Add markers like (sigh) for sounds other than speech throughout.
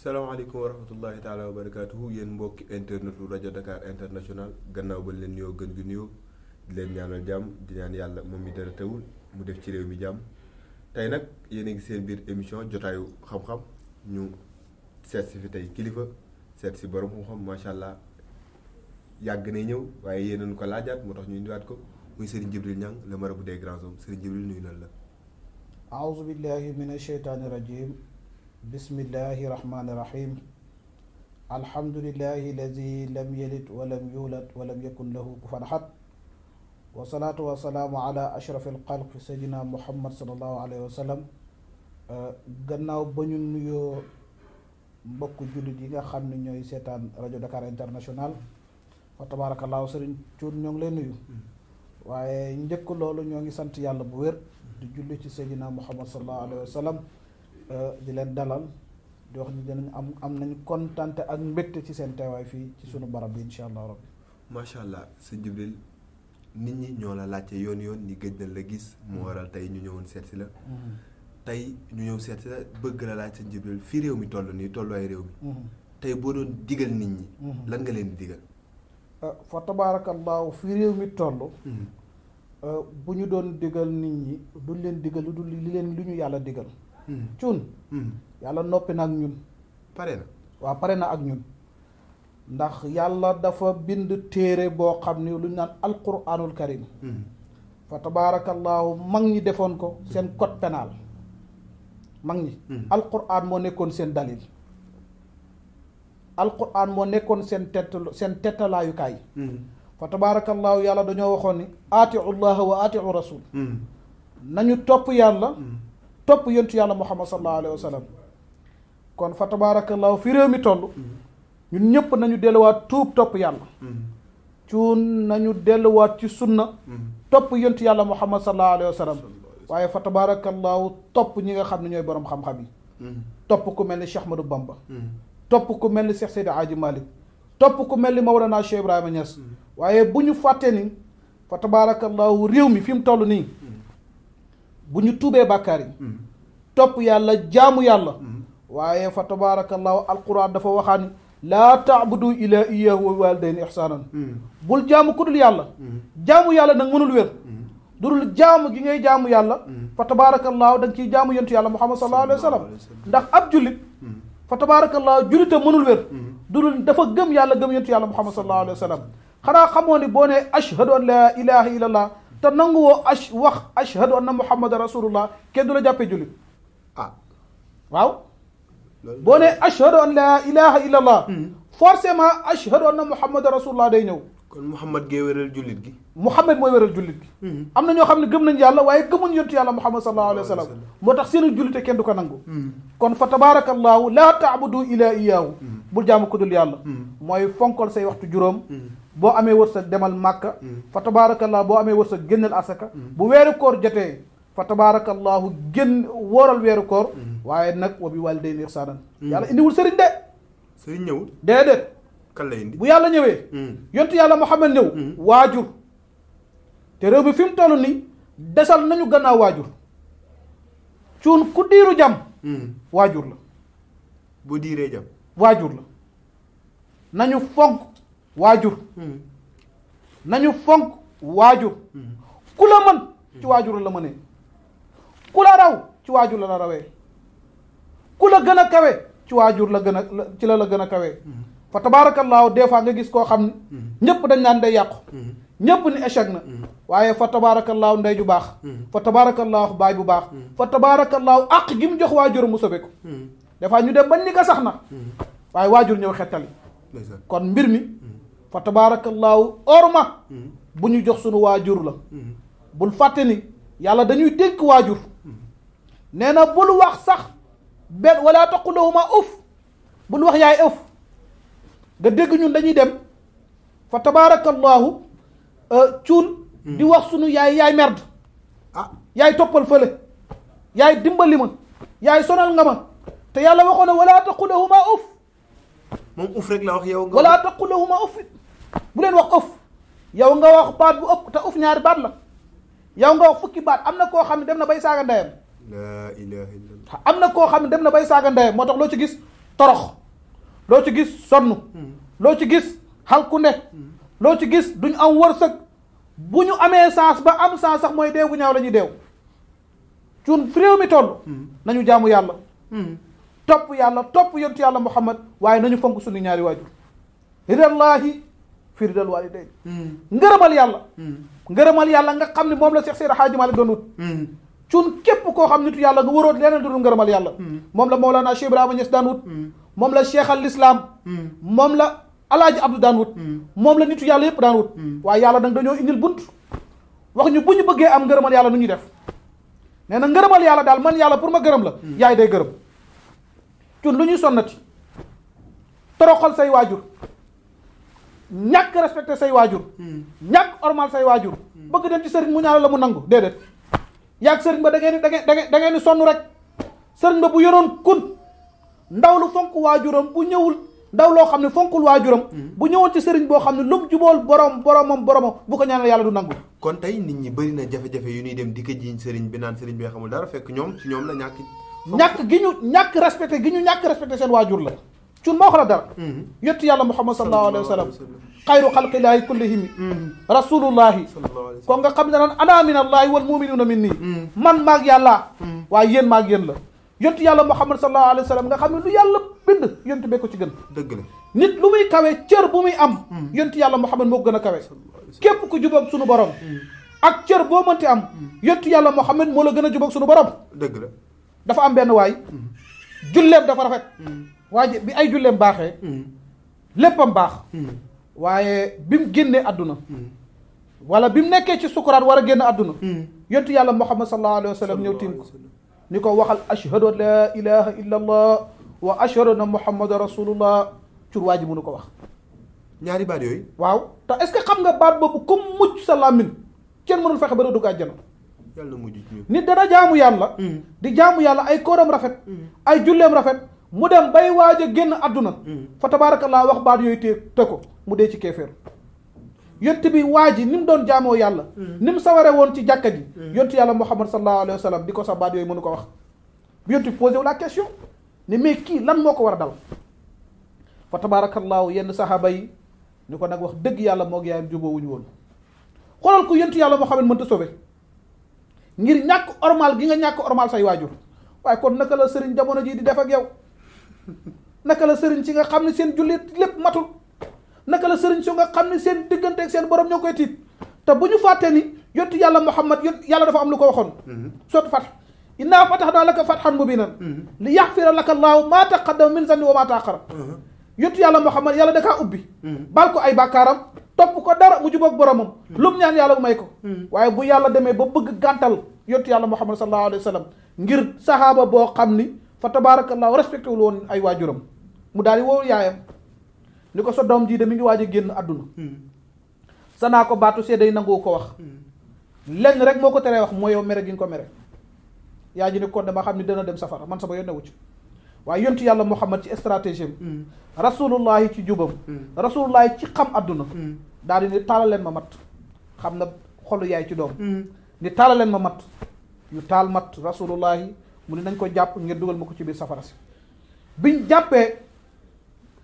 salaamaaleykum wa rahmatullahi taala wa barakaatuhu yéen mbokki internet lu rajo Dakar international gannaaw ba leen nuyoo gën gi nuyoo di leen ñaanal jàmm di ñaan yàlla moom mi dara tawul mu def ci réew mi jàmm tey nag yéen a ngi seen biir émission jotaayu xam-xam ñu seet si fi tey kilifa seet si borom xam-xam macha allah yàgg na ñëw waaye yéen nañu ko laajaat moo tax ñu indiwaat ko muy Serigne Djibril Niang le marabout des grands hommes Serigne Djibril nuyu nan la. aouzu billahi mina shaytaani rajim. بسم الله الرحمن الرحيم الحمد لله الذي لم يلد ولم يولد ولم يكن له كفر حد والصلاة والسلام على أشرف القلق سيدنا محمد صلى الله عليه وسلم غناو بنيو نيو مبكو جلد يغا خمنا نيو يسيطان رجو دكار انترناشونال فتبارك الله سرين تون نيو لنيو waaye njëkk loolu ñoo ngi sant yàlla bu wér di julli ci sayidina muhammad sallallahu alayhi wa sallam Euh, di leen dalal di wax ni dinañ am am nañ kontante ak mbégte ci seen teewaay fii ci sunu barab bi incha allah rabbi macha allah sëñ Jibril nit ñi ñoo la laajte yoon yoon ni gëj la gis moo mm-hmm. waral tey ñu ñëwoon seet si la mm-hmm. tey ñu ñëw seet si la bëgg la laaj sëñ Jibril fii réew mi toll nii tolluwaay réew mi mm-hmm. tey boo doon digal nit ñi lan nga leen di digal euh, fa tabaarakallaahu fii réew mi toll euh, bu ñu doon digal nit ñi duñ leen digal lu dul li leen lu ñu yàlla digal Hmm. cuun hmm. yàlla noppi na ak ñun pare na pare na ak ñun ndax yàlla dafa bind téere boo xam ni lu ñu naan alquranul karim hmm. fa tabaarakallaahu mag ñi defoon ko seen code pénal mag ñi alquran moo nekkoon seen dalil alquran moo nekkoon seen tett seen tettalaayukaay fa tabaarakallaahu yàlla dañoo waxoon ni aatiu llaha wa aatiu rasul nañu topp yàlla topp yontu yàlla muhammad sallallahu alayhi wa sallam kon fa tabaarakallaahu fi réew mi toll ñun ñëpp nañu delluwaat tuub topp yàlla cuun nañu delluwaat ci sunna topp yontu yàlla muhammad sallallahu alayhi wa sallam waaye fa tabaarakallaahu topp ñi nga xam ne ñooy boroom xam-xam yi topp ku mel ni Cheikh Ahmadou Bamba topp ko mel ni Cheikh Seydi Hadji Malick topp ku mel ni Mawlana Ibrahima Niass waaye bu ñu fàttee ni fa tabaarakallaahu réew mi fi mu toll nii buñu ñu bakari top yàlla jaamu yàlla waye fa tabaarakallahu alquran dafa waxani la ta'budu ila ilaa iyyahu wa walidayn ihsana bul jaamu kudul yàlla jaamu yàlla nak mënul wér durul jaamu gi ngay jaamu yàlla fa tabaarakallahu dang ci jaamu yentu yàlla muhammad sallallahu alayhi wasallam ndax ab julit fa tabaarakallahu julita mënul wér durul dafa gëm yàlla gëm yentu yàlla muhammad sallallahu alayhi wasallam sallam xanaa xamoo ashhadu an la ilaha illallah te nangu woo ash wax ashhadu anna muhammadan rasulullah kenn du la jàppee jullit ah waaw boo ne ashhadu an laa ilaha illa allah forcément ashhadu anna muhammadan rasulullah day ñëw kon muhammad gee wéral jullit gi muhammad mooy wéral jullit gi am na ñoo xam ne gëm nañ yàlla waaye gëmuñ yontu yàlla muhammad sallallahu alayhi wa sallam moo tax seenu jullite kenn du ko nangu kon fa tabaarakallahu laa taabudu ilaa iyaahu bul jaamu ko dul yàlla mooy fonkol say waxtu juróom boo amee wërsëg demal màkka mm. fa tabaarakallaahu boo amee sa génnal asaka mm. bu weeru koor jotee fa tabaarakallaahu génn wooral weeru koor mm. waaye nag wa bi waalidayni ihsaanan yàlla indiwul sëriñ de sëriñ ñëwul bu yàlla ñëwee yontu yàlla Muhammad ñëw waajur te réew bi fi mu toll desal nañu gannaaw waajur cuun ku diiru jàmm waajur la bu diiree jàmm waajur la nañu fonk waajur hmm. nañu fonk waajur hmm. ku la mën ci hmm. waajur la mënee ku la raw ci waajur la la rawee ku la gën a kawe ci waajur la gën a ci la la gën a kawee fa tabaarakallaahu des fois nga gis koo xam ne ñëpp dañ naan day yàqu ñëpp ni échec na waaye fa tabaarakallaahu ndey ju baax fa tabaarakallaahu baay bu baax fa tabaarakallaahu àq gi mu jox waajur mu sobeeku des fois ñu dem ba ni ko sax na waaye waajur ñëw xettali kon mbir mi فتبارك الله أورما بني جسون واجور لا بول فاتني يالا دنيو تيك واجور نينا بول واخ صح بل ولا تقول لهما اوف بول واخ ياي اوف دا دغ نيون دانيي ديم فتبارك الله ا تون دي واخ سونو ياي ياي مرد ياي توبال فله ياي ديمبالي ما ياي سونال غما تيالا يالا واخونا ولا تقول لهما اوف موم ولا تقول اوف bu len wax uf yow nga wax baat bu upp ta uf ñaari baat la yow nga wax fukki baat amna ko xamni dem na bay saga ndayam la ilaha illallah amna ko xamni dem na bay saga ndayam motax lo ci gis torox lo ci gis sonu hmm. lo ci gis xalku ne hmm. lo ci gis duñ am wërsëg buñu amé amee sens ba am sens sax moy deewu ñaaw lañu ñuy deew cun réew mi tollu hmm. nañu jaamu yalla top yalla top yontu yalla muhammad waye nañu fonk suñu ñaari waajur ridallahi firidal walidayn hmm. ngërëmal yàlla hmm. ngërëmal yàlla nga xam ne moom la Seex Seydi Haaji Maalik doon wut hmm. cun képp koo xam nitu yàlla nga waroot leneen dudul ngërëmal yàlla moom la Mawlana Cheikh Ibrahima Niass daan wut moom la Cheikh al moom la Alaaji Abdou daan moom la nitu yàlla yëpp daan wut waaye yàlla nag dañoo indil bunt wax ñu bu ñu bëggee am ngërëmal yàlla nu ñuy def nee na ngërëmal yàlla daal man yàlla pour ma gërëm la yaay day gërëm cun lu ñuy sonnati toroxal say waajur ñàkk respecté say waajur hmm. ñàkk ormal say waajur hmm. bëgg dem ci sëriñ mu ñaanal la mu nangu déedéet yàgg sëriñ ba da ngeen da ngeen da ngeen di sonn rek sëriñ ba bu yoroon kun ndaw lu fonk waajuram bu ñëwul ndaw loo xam ne fonkul waajuram hmm. bu ñëwoon ci sëriñ boo xam ne lum jubool borom boromam boromam bu ko ñaanal yàlla du nangu kon tey nit ñi bëri na jafe-jafe yu ñuy dem di ko jiiñ sëriñ bi naan sëriñ bi xamul dara fekk ñoom ci ñoom la ñàkk ñàkk gi ñu ñàkk respecté gi ñu ñàkk respecté seen waajur la cun moo wax la dara yettu yàlla muhammad sallallahu alayhi wa sallam xayru xalqillaahi kullihim rasulullahi kon nga xam ne naan ana min allahi wal muminuuna min nii man maag yàlla waaye yéen maag yéen la yontu yàlla muhammad sallallahu alayhi wa sallam nga xam ne lu yàlla bind yontu bee ko ci gën dëgg la nit lu muy kawe cër bu muy am yontu yàlla muhammad moo gën a kawe képp ku jubóog sunu borom ak cër boo mënti am yontu yàlla muhammad moo la gën a jubóog sunu borom dëgg la dafa am benn waay julleem dafa rafet waaye bi ay julleem baaxee léppam baax waaye bi mu génnee wala bi mu ci sukuraat war a génn àdduna yàlla muhammad sallallahu alayhi wa ñëw tiim ko waxal ashhadu an ilaha illa allah wa ashhadu anna muhammada rasulullah cur waa ji ko wax ñaari baat yooyu waaw te est-ce xam nga baat boobu comme mucc sa kenn mënul fexe ba doo dugg àjjana yàlla mujj nit dana jaamu yàlla di jaamu yàlla ay kóoram rafet ay julleem rafet mu dem bay waaj a génn àdduna hmm. fa tabaarakallaa wax baat yooyu te te ko mu dee ci keefeer yont bi waa ji ni mu doon jaamoo yàlla hmm. ni mu saware woon ci jàkka ji hmm. yont yàlla muhammad sallallahu alayhi wa sallam di ko sax baat yooyu mënu ko wax yont bi la question ne mais kii lan moo ko war a dal fa tabaarakallaahu yenn sahaaba yi ni ko nag wax dëgg yàlla moog yaayam jubóowuñu woon xoolal ko yontu yàlla Muhammad mënta sauvé ngir ñàkk ormal gi nga ñàkk ormal say waajur waaye kon naka la sëriñ jamono jii di def ak yow naka la sëriñ si nga xam ne seen jullit lépp matul naka la sëriñ si nga xam ne seen diggante seen borom ñoo koy tiit te bu ñu fàttee ni yontu yàlla muhammad yont yàlla dafa am lu ko waxoon mhm. sootu fat innaa fatahnaa laka fathan mubiinan mhm. li yaxfira laka llaahu maa taqaddama min zanbi wa maa taaxara mhm. yontu yàlla muhammad yàlla da kaa ubbi baal ko ay bàkkaaram topp ko dara mu jubóog boromam lu ñaan yàlla bu may ko waaye bu yàlla demee ba bëgg gàntal yontu yàlla muhammad sallallahu alayhi wa sallam ngir sahaaba boo xam ni fa tabaarakallaahu respecté wul woon ay waajuram mu daal di woo yaayam ni ko sa doom jii de mi ngi waaj génn àdduna hmm. sa naa ko baatu seeday nangu ko wax hmm. lenn rek moo ko teree wax mooy yow mere gi nga ko mere yaa ji ne kon dama xam ne dana dem safara man sama yoon newu ci waaye yontu yàlla Muhammad ci stratégie am hmm. rasulullahi ci jubam rasulullahi ci xam àdduna daal di ni taala leen ma mat xam na xolu yaay ci doom ni taala leen ma mat yu taal mat rasulullahi mu ne nañ ko jàpp ngir dugal ma ko ci biir safara si biñ jàppee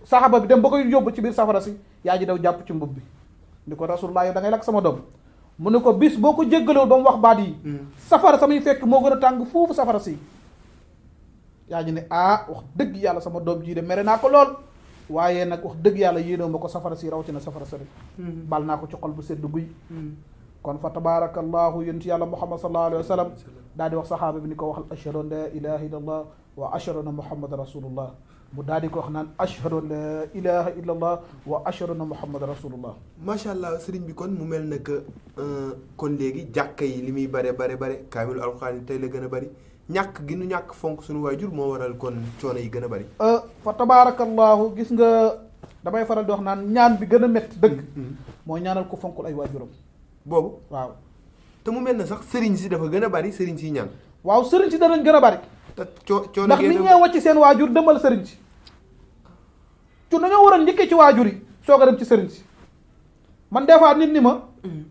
sahaba bi dem ba koy yóbbu ci biir safara si yaa ji daw jàpp ci mbub bi ni ko rasulullah yow da ngay lakk sama doom mu ko bis boo ko jéggalewul ba mu wax baat yi hmm. safara samay fekk moo gën a tàng safara si yaa ne ah wax dëgg yàlla sama doom ji de mere naa ko lool waaye nag wax dëgg yàlla yéenoo ma ko safara si rawatina safara sa rek hmm. bal naa ko ci xol bu sedd guy hmm. kon fa tabarakallahu yonent yàlla muhammad sallallahu alayhi wa sallam daal di wax saxaaba bi ni ko waxal ashhadu an la ilaha illallah wa ashhadu anna muhammadan rasulullah mu daal di ko wax naan ashhadu an la ilaha illallah wa ashhadu anna muhammadan rasulullah macha allah sëriñ bi kon mu mel na que kon léegi jàkka yi li muy bare bare bare kaamilu alxuraan yi tey la gën a bari ñàkk gi nu ñàkk fonk suñu waajur moo waral kon coono yi gën a bari fa tabarakallahu gis nga damay faral di wax naan ñaan bi gën a métti dëgg moo ñaanal ko fonkul ay waajuram bobu waaw te mu mel na sax sëriñ si dafa gën a bari sëriñ si ñaan waaw sëriñ si danañ gën a bari te coo coono ndax nit ñee wàcc seen waajur demal sëriñ si cu dañoo war a njëkkee ci waajur yi soog a dem ci sëriñ si man des fois nit ni ma mm.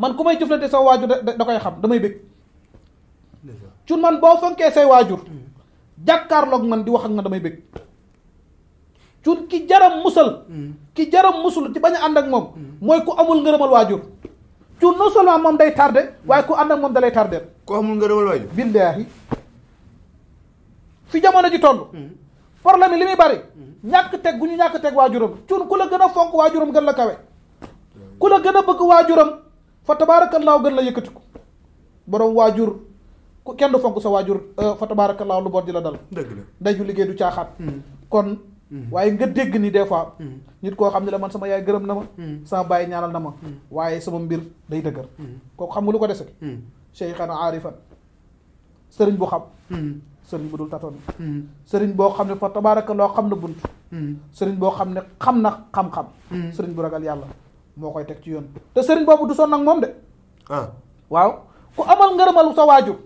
man ku may jëflante sa waajur da koy xam damay bëgg cun man boo fonkee say waajur mm. jàkkaarloog man di wax ak man damay bëgg cun ki jaram musal mm. ki jaram musul ci bañ a ànd ak moom mooy ku amul ngërëmal waajur cuun non seulement moom day tardé waaye ku ànd ak moom dalay tardé. ku amul ngërëmal billaahi fi jamono ji toll. Hmm. problème yi li muy bari. Hmm. ñàkk teg gu ñu ñàkk teg waajuram cuun ku la gën a fonk waajuram gën la kawe. ku la gën a bëgg waajuram fa tabaarakallaahu gën la yëkkatiku borom waajur ku kenn du fonk sa waajur euh, fa tabaarakallaahu lu bon di la dal. dëgg la ndey ju liggéey du caaxaan. Hmm. kon. Mm-hmm. waaye nga dégg ni des fois. Mm-hmm. nit koo xam ne la man sama yaay gërëm na ma. Mm-hmm. sama baay ñaanal na ma. waaye sama mbir day dëgër. kooku xam nga lu ko dese. cheikhan aarifan sëriñ bu xam. sëriñ bu dul tatoon. sëriñ boo xam ne fa loo xam na bunt. sëriñ boo xam ne xam na xam-xam. sëriñ bu ragal yàlla moo koy teg ci yoon te sëriñ boobu du sonn ak moom de. ah waaw ku amal ngërëmal sa waajur.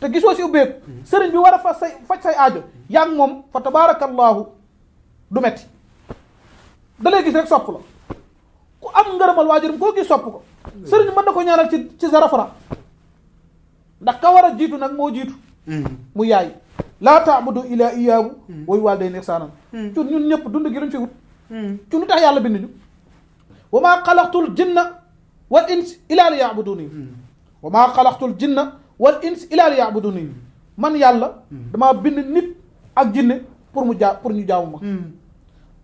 te gisoo si ubbeeku. sëriñ bi war a faj say say aajo yaa ngi moom fa tabaarakallahu du metti da lay gis rek sopp la ku am ngërëmal waajuram koo gis sopp ko sëriñ mën na ko ñaanal ci ci zarafara ndax ka war a jiitu nag moo jiitu hmm. mu yaay laa taabudu ilaa iyaabu hmm. way waal day nekk saanam hmm. ci ñun ñëpp dund gi luñ fi wut tax yàlla bind ñu wa maa xalaqtul jinna wal ins ilaa li yaabuduni wa maa xalaqtul jinna wal ins man yàlla damaa bind nit ak jinne pour mu jaa pour ñu jaamu ma hmm.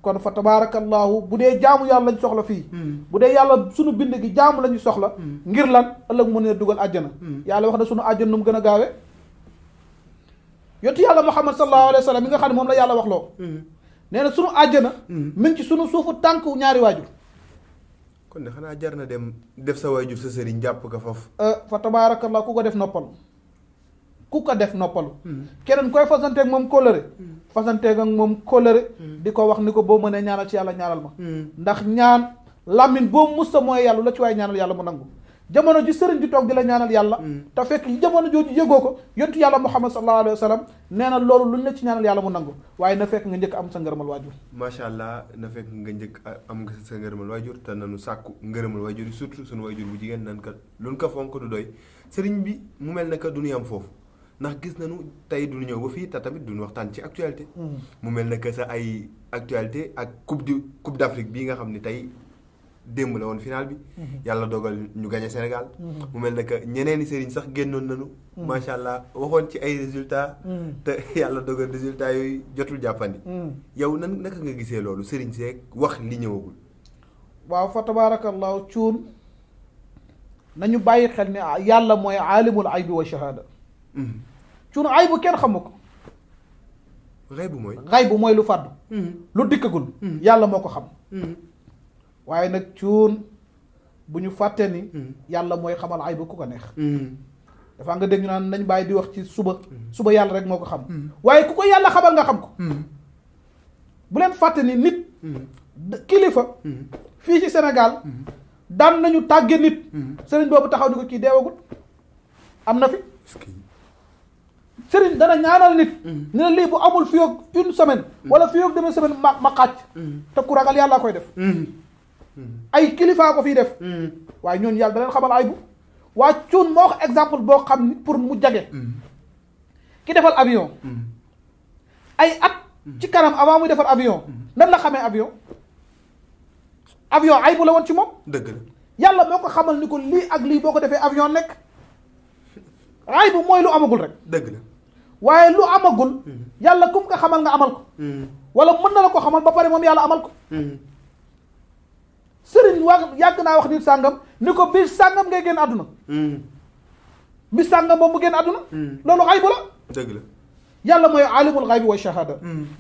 kon fa tabaarakallaahu bu dee jaamu yàlla lañ soxla fii hmm. bu dee yàlla sunu bind gi jaamu la ñu soxla hmm. ngir lan ëllëg mu ne dugal àjjana yàlla wax na sunu àjjana nu mu gën a gaawe yottu yàlla muhammad sallallahu alayhi wa sallam yi nga xam ne moom la yàlla wax loo nee na sunu àjjana mi ci sunu suufu tànk ñaari waajur kon de xanaa jar na dem def sa waajur sa sëriñ jàpp ko foofu euh, fa tabaarakallaahu ku ko def noppal ku ko def noppalu hmm. keneen koy fasanteeg moom kóllëre hmm. fasanteeg ak moom kóllëre hmm. di ko wax ni ko boo mënee ñaanal ci yàlla ñaanal ma ndax ñaan làmmiñ boo sa mooy yàlla la ci waaye ñaanal yàlla mu nangu jamono ji sëriñ bi toog di la ñaanal yàlla te fekk jamono jooju yëgoo ko yontu yàlla muhammad sallallahu alayhi wa sallam nee na loolu luñ la ci ñaanal yàlla mu nangu waaye na fekk nga jëkk am sa ngërëmal waajur macha allah na fekk nga njëkk am nga sa ngërëmal waajur te nanu sàkku ngërëmal waajur yi surtout suñu waajur bu jigéen nan ka luñ ko fonk du doy sëriñ bi mu mel ne que du ñu am foofu ndax gis nañu tey du ñëw ba fii te tamit duñu waxtaan ci actualité. Hmm. mu mel ne que sa ay actualité ak coupe du coupe d'Afrique bii nga xam ne tey démb la woon final bi. Hmm. yàlla dogal ñu gagné Sénégal. Hmm. mu mel ne que ñeneen i sëriñ sax génnoon nañu. macha allah waxoon ci ay résultats. te (laughs) yàlla dogal résultats yooyu jotul jàppandi. yow nan naka nga gisee loolu sëriñ seeg wax li ñëwagul. waaw fa tabaarakallaahu cuun nañu bàyyi xel ne yàlla mooy aalimul aybi wa shahada. ci nu aybu kenn xamu ko. xaybu mooy xaybu mooy lu fadu lu dikkagul. yàlla moko xam. waye nak ciun buñu ñu fàtte ni. yàlla moy xamal aybu ku ko neex. dafa nga dégg ñu naan nañ bay di wax ci suba. suba yàlla rek moko xam. waye ku ko yàlla xamal nga xam ko. bu len fàtte ni nit. kilifa. fi ci Sénégal. dan nañu tàgge nit. serigne bobu taxaw ni ko ki deewagul amna fi. sëriñ dana ñaanal nit ne la lii bu amul fi yoog une semaine wala fi yoog demee semaine ma ma xàcc te ku ragal yàlla koy def ay kilifaa ko fii def waaye ñooñu yàlla da leen xamal ay bu waa cuun moo wax exemple boo xam ni pour mu jage ki defal avion ay at ci kanam avant muy defar avion nan la xamee avion avion ay bu la woon ci moom dëgg la yàlla moo ko xamal ni ko lii ak lii boo ko defee avion nekk ay bu mooy lu amagul rek dëgg la waaye lu amagul yàlla kum nga xamal nga amal ko hmm. wala mën na la ko xamal ba pare moom yàlla amal ko hmm. sëriñ waa yàgg naa wax nit sàngam ni ko bis sàngam ngay génn àdduna hmm. bis sàngam moom mu génn àdduna loolu xaybu la dëgg yàlla mooy alimul xaybi wa shahada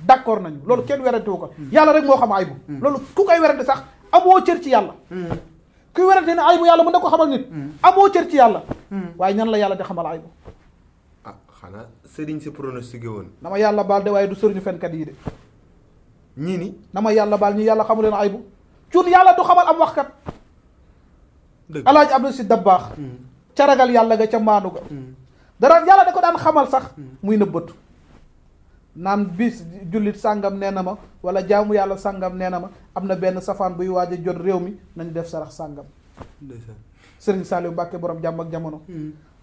d'accord nañu loolu kenn wu ko yàlla rek moo xam aybu loolu ku koy werante sax amoo cër ci yàlla kuy werante ne aybu yàlla mën na ko xamal nit amoo cër ci yàlla waaye ñan la yàlla di xamal aybu xana serigne si pronostiqué won dama yalla bal de way du fen kat yi de ñi ni dama yalla bal ñi yalla xamulen aybu ciun yalla du xamal am deug alhaj abdou si dabax hmm. ci ragal yalla ga ci manu ga hmm. dara yalla da ko daan xamal sax hmm. muy neubut nan bis julit sangam nee ma wala jaamu yalla sangam nena ma am na benn buy waje jot rew mi nañ def sarax sàngam serigne Saliou Mbàkke borom jàmm ak jamono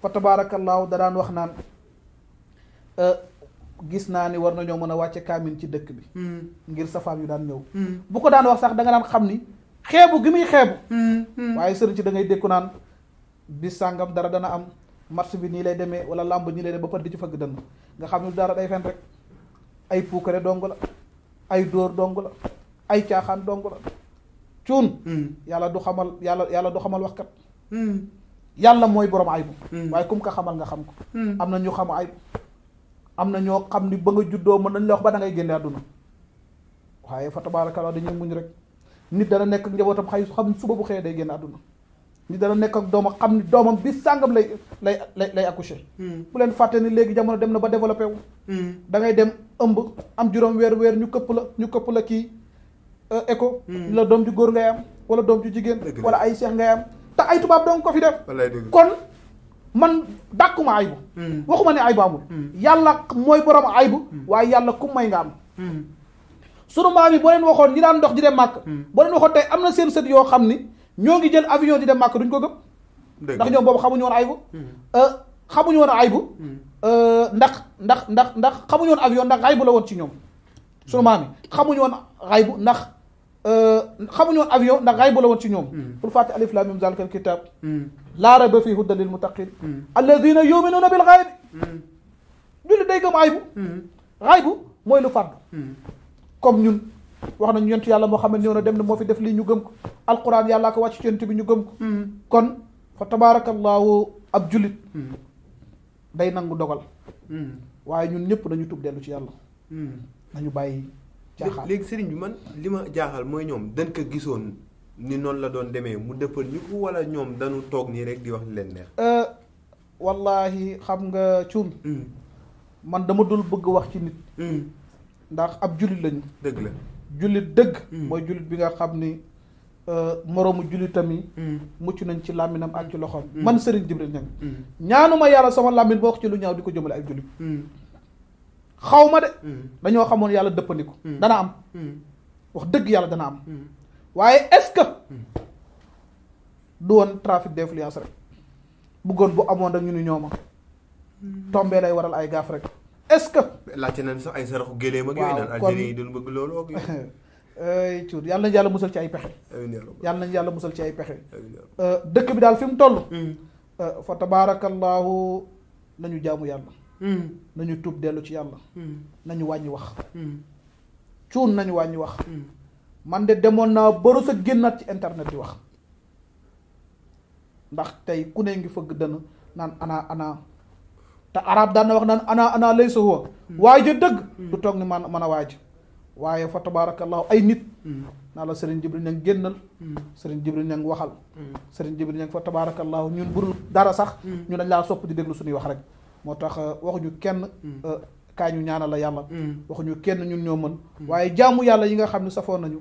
fa tabarakallah da dan wax nan Euh, gis naa ni war nañoo mën a wàcce kaamin ci dëkk bi hmm. ngir safaab yu daan ñëw hmm. bu ko daan wax sax danga nga daan xam ni xeebu gi muy xeebu hmm. waaye sëriñ ci da ngay naan bis sàngam dara dana am match bi nii lay demee wala làmb nii lay demee di ci fëgg nga xam ne dara day fen rek ay puukare dong la ay dóor dong la ay caaxaan dong la cuun yàlla du xamal yàlla yàlla du xamal wax waxkat yàlla mooy borom aybu waaye kum ko xamal nga xam ko am na ñu xam ay am na ñoo xam ni ba nga juddoo mën nañ la wax ba da ngay génne àdduna waaye fa tabaarakallaa dañuy muñ rek nit dana nekk ak njabootam xay xam suba bu xëyee day génn àdduna nit dana nekk ak doomam xam ni doomam bi sàngam lay lay lay lay accouché hmm. bu leen ni léegi jamono dem na ba développé wu hmm. da ngay dem ëmb am juróom weer weer ñu këpp la ñu këpp la kii euh, éco. Hmm. la doom ju góor ngay am wala doom ju jigéen wala ay seex ngay am te ay tubaab dong ko fi def kon man dàkkuma aybu hmm. waxuma ne aybu amul hmm. yàlla mooy borom bu hmm. waaye yàlla kum may nga am sunu maam yi boo leen waxoon ñi daan ndox di dem màkk boo leen waxoon tey am na seen sët yoo xam ni ñoo ngi jël avion di dem màkk duñ ko gëm ndax ñoom boobu xamuñu ay aybu euh, xamuñu woon aybu euh, ndax ndax ndax ndax xamuñu woon avion ndax aybu la woon ci ñoom sunu maam yi xamuñu woon ndax xamuñu avion ndax xaybu la woon ci ñoom bul fàtte alif lam mim zalika al kitab laa rayba fii hudan lil muttaqin alladina yuminuuna bil xayb julli day gëm xaybu xaybu mooy lu fardu comme ñun wax nañu yonent yàlla moo xam ne ñëw na dem na fi def lii ñu gëm ko alquran yàllaa ko wàcc ci yonent bi ñu gëm ko kon fa tabarakallahu ab jullit day nangu dogal waaye ñun ñëpp nañu tub dellu ci yàlla nañu bàyyi caaxaan léegi sëriñ bi man li ma jaaxal mooy ñoom dañ ko gisoon ni noonu la doon demee mu dëppal ñu ko wala ñoom dañu toog nii rek di wax leen neex. Euh, wallaahi xam nga cuun. Hmm. man dama dul bëgg wax ci nit. Hmm. ndax ab jullit lañu. dëgg la jullit dëgg. Hmm. mooy jullit bi nga xam ni euh, moroomu jullitam yi. mucc nañ ci làmminam ak ci loxoom. man sëriñ Jibril Ñaŋ ñaanuma yàlla sama làmmin boo wax ci lu ñaaw di ko jëmale ak jullit. xaw ma de mm. dañoo xamoon yàlla dëppandiku mm. dana am mm. wax dëgg yàlla dana am waaye est-ce que du woon trafic d'influence rek bëggoon bu amoon rek ñu ni ñooma tombee lay waral ay gaaf rek est-ce que laajte nañ sax ay saraxu géléem ak yooyu naan Algérie yi doon bëgg loolu ak ay (laughs) cuut yàlla nañ yàlla musal ci ay pexe yàlla nañ yàlla musal ci ay pexe dëkk bi daal fi mu toll fa tabaarakallaahu nañu jaamu yàlla Hmm. nañu tup delu ci yalla hmm. nañu wañi wax hmm. ciun nañu wañi wax man de demon na baru sa gennat ci internet di wax ndax tay ku ne ngi fëgg naan ana ana ta arab da na wax naan ana ana lay huwa waji deug du tok ni man man waji waye fa tabarakallah ay nit na la serigne jibril ñang gennal serigne jibril ñang waxal serigne jibril ñang fa tabarakallah ñun burul dara sax ñu dañ la sopp di deglu suñu wax rek moo tax euh, waxuñu kenn mm. euh, kaay ñu ñaanal la yàlla mm. waxuñu kenn ñun ñoo mën mm. waaye jaamu yàlla yi nga xam ne safoon nañu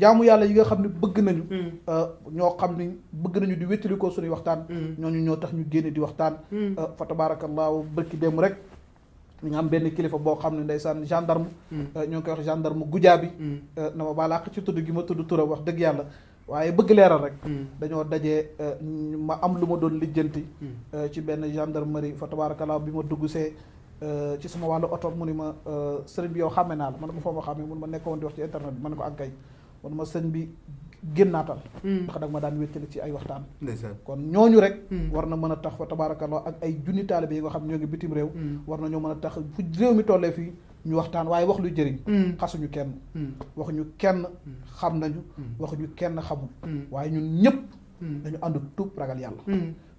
jaamu yàlla yi nga xam ne bëgg nañu euh, ñoo xam ne bëgg nañu di wéttalikoo suñuy waxtaan ñooñu ñoo tax ñu génne di waxtaan fa tabaarakallaahu bërki démb rek ñu am benn kilifa boo xam ne ndeysaan gendarme ñoo ngi koy wax gendarme gujaa bi na ma baal àq ci tudd gi ma tudd turam wax dëgg yàlla waaye bëgg leeral rek. Hmm. dañoo daje euh, ma am lu ma doon lijjanti. Hmm. Euh, ci benn gendarmerie fa tabaarakala bi ma dugg see euh, ci sama wàllu oto mu ni ma sëriñ bi yow xàmme naa la man ma foo ma xàmme mun ma nekkoon di wax ci internet bi man ko àggay man ma sëñ bi génnaatal. Hmm. ndax dag ma daan wéttali ci ay waxtaan. kon ñooñu rek. war na mën a tax fa tabaarakala ak ay junni taalibe yi nga xam ñoo ngi bitim réew. war na ñoo mën a tax fu réew mi tollee fii. ñu waxtaan waaye wax lu jëriñ mm. xasuñu kenn mm. waxuñu kenn mm. xam nañu waxuñu kenn xamul waaye ñun ñëpp dañu ànd tuub ragal yàlla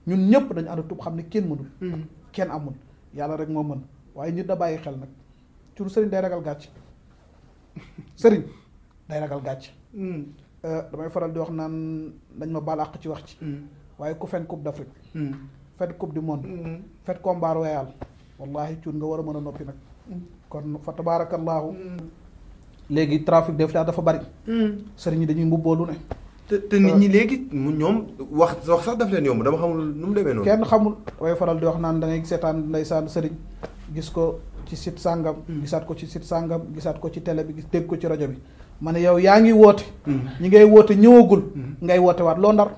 ñun ñëpp dañu ànd tuub xam ne kenn mënul kenn amul yàlla rek moo mën waaye nit da bàyyi xel nag ci lu sëriñ day ragal gàcc (laughs) sëriñ day ragal gàcc euh, damay faral di wax naan dañ ma baal àq ci wax ci waaye ku fen coupe d'afrique fen coupe du monde fen combat royal wallahi cuun nga war a mën a noppi nag kon fa tabaarakallaahu mm. léegi trafic def fleurs dafa bari mm. sëriñ yi dañuy mbubboo lu ne te te nit ñi léegi mu ñoom wax wax sax daf leen yomb dama xamul nu mu demee noonu kenn xamul way faral di wax naan da ngay seetaan ndeysaan sëriñ gis ko ci site sàngam mm. gisaat ko ci site sàngam gisaat ko ci télé bi dégg ko ci rajo bi ma ne yow yaa ngi woote ñi ngay woote ñëwagul ngay woote waat loo ndar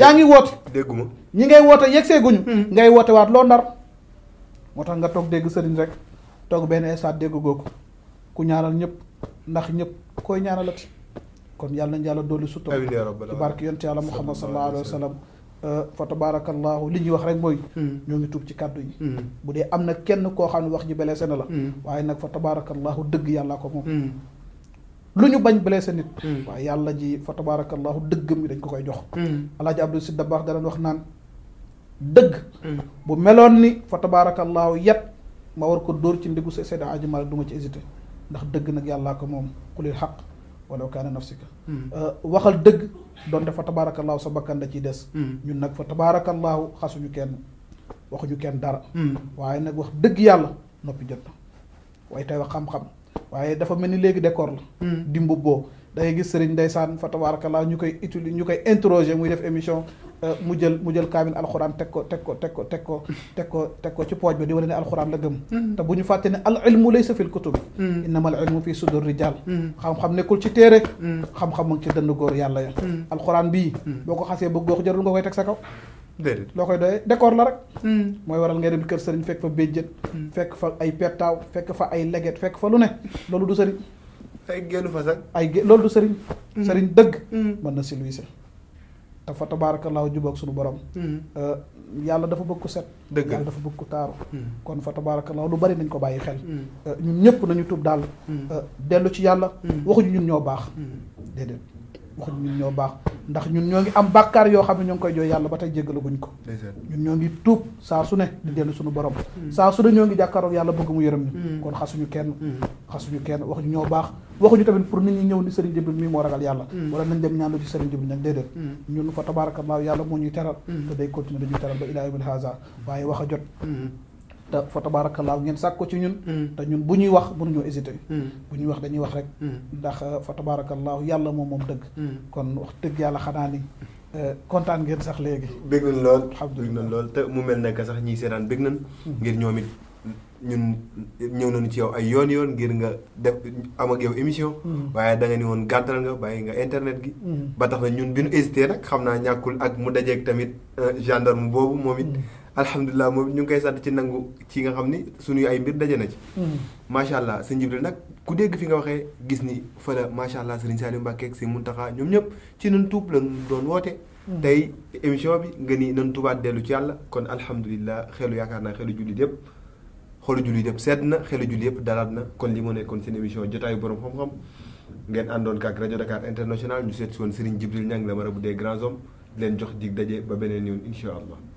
yaa ngi woote dégguma ñi ngay woote yegseeguñu ngay woote waat loo ndar moo tax nga toog dégg sëriñ rek toog benn stade dégg googu ku ñaanal ñëpp ndax ñëpp koy ñaanalati kon yàlla nañ yàlla dolli sutura ci barke yonent yàlla muhammad sallallahu alayhi wa sallam euh, fa tabarakallahu li ñuy wax rek mooy hmm. ñoo ngi tuub ci kàddu yi hmm. bu dee am na kenn koo xam ne wax ji blessé na la hmm. waaye nag fa tabarakallahu dëgg yàllaa ko moom lu ñu bañ blessé nit waaye yàlla ji fa tabarakallahu dëgg mi dañ ko koy jox alaaji abdou si dabaax da daan wax naan dëgg mm. bu meloon ni fa tabaarakallaahu yet ma war ko dóor ci ndiggu Seydi Aji Maalik du ci hésité ndax dëgg nag yàllaa ko moom kulil xaq walaw kaana nafsika mm. euh, waxal dëgg donte fa tabaarakallaahu sa bakkan da ciy des mm. ñun nag fa tabaarakallaahu xasuñu kenn waxuñu kenn dara waaye nag wax dëgg yàlla noppi jot na waaye tey wax xam-xam waaye dafa mel ni léegi décor la. Hmm. di mbubboo da ngay gis sëriñ ndeysaan fa tabaarakallaa ñu koy utili ñu koy interroger muy def émission euh, mu jël mu jël kaamil alxuraan teg ko teg ko teg ko teg ko teg ko teg ko ci pooj bi di wane ne alxuraan la gëm. Hmm. te bu ñu fàttee ne al ilmu laysa fil kutub. Hmm. innama al ilmu fi sudur rijal. xam-xam nekkul ci téere. xam-xam mu ci dënd góor yàlla ya. alxuraan bii. boo ko xasee bëgg boo ko jarul nga koy teg sa kaw. loo koy doyee décor la rek. Hmm. mooy waral ngay dem kër sëriñ fekk fa béjjët. Hmm. fekk fa ay pettaaw fekk fa ay leget fekk fa lu ne loolu du sëriñ. ay génn fa sax. ay gé loolu du sëriñ. Hmm. sëriñ dëgg. mën na si luy se. dafa tabaarakallaahu jubóog suñu borom. Euh, yàlla dafa bëgg ko set. dëgg yàlla dafa bëgg ko taaru. kon fa tabaarakallaahu lu bari nañ ko bàyyi xel. Euh, ñun ñëpp nañu tub daal. Euh, dellu ci yàlla. waxuñu ñun ñoo baax. wax ñun ñoo baax ndax ñun ñoo ngi am bàkkaar yoo xam ne ñoo ngi koy jooy yàlla ba tey jéggaluguñ ko ñun ñoo ngi tuub saa su ne di dellu suñu borom mm. saa su ne ñoo ngi jàkkaaroog yàlla bëgg mu yërëm ñu mm. kon xasuñu kenn mm. ñu kenn wax waxuñu ñoo baax waxuñu tamit pour nit ñi ñëw ni Serigne Jibril mii moo ragal yàlla wala nañ dem ñaan lu ci Serigne Jibril nag déedéet ñun fa tabaarakallaahu yàlla moo ñuy teral te day continuer dañuy teral ba ilaa yawmil haza waaye wax te fa tabaarakallaahu ngeen sàkk ko ci ñun mm. te ñun bu ñuy wax mënuñoo hésité mm. bu ñuy wax dañuy wax rek mm. ndax euh, fa tabaarakallaahu yàlla moom moom dëgg kon wax dëgg yàlla xanaa ni euh, kontaan ngeen sax léegi bég nañ lool bég nañ lool te mu mel nekk sax ñiy seetaan bég nañ ngir ñoom it ñun ñëw nañu ci yow ay yoon yoon ngir nga def am ak yow émission waaye da nga ni woon gàttal nga bàyyi nga internet gi ba tax na ñun bi ñu hésité nag xam naa ñàkkul ak mu dajeek tamit euh, gendarme bo moom alhamdulilah moom ñu ngi koy sant ci nangu ci nga xam ni suñuy ay mbir daje na ci. Hmm. macha allah sëñ Jibril nag ku dégg fi nga waxee gis ni fa la macha allah sëriñ Saliou Mbacke ak ñoom ñëpp ci nun tuub la doon hmm. bi nga ni nan tubaat dellu ci yàlla kon alhamdulilah xelu yaakaar naa xelu jullit yëpp. xolu jullit yëpp sedd na xelu jullit yëpp dalaat na kon li nekkoon seen émission jotaayu borom xam-xam ngeen àndoon ak rajo Dakar international ñu seet si woon Serigne Jibril Niang la marabu des grands hommes leen jox dig daje ba beneen yoon incha allah.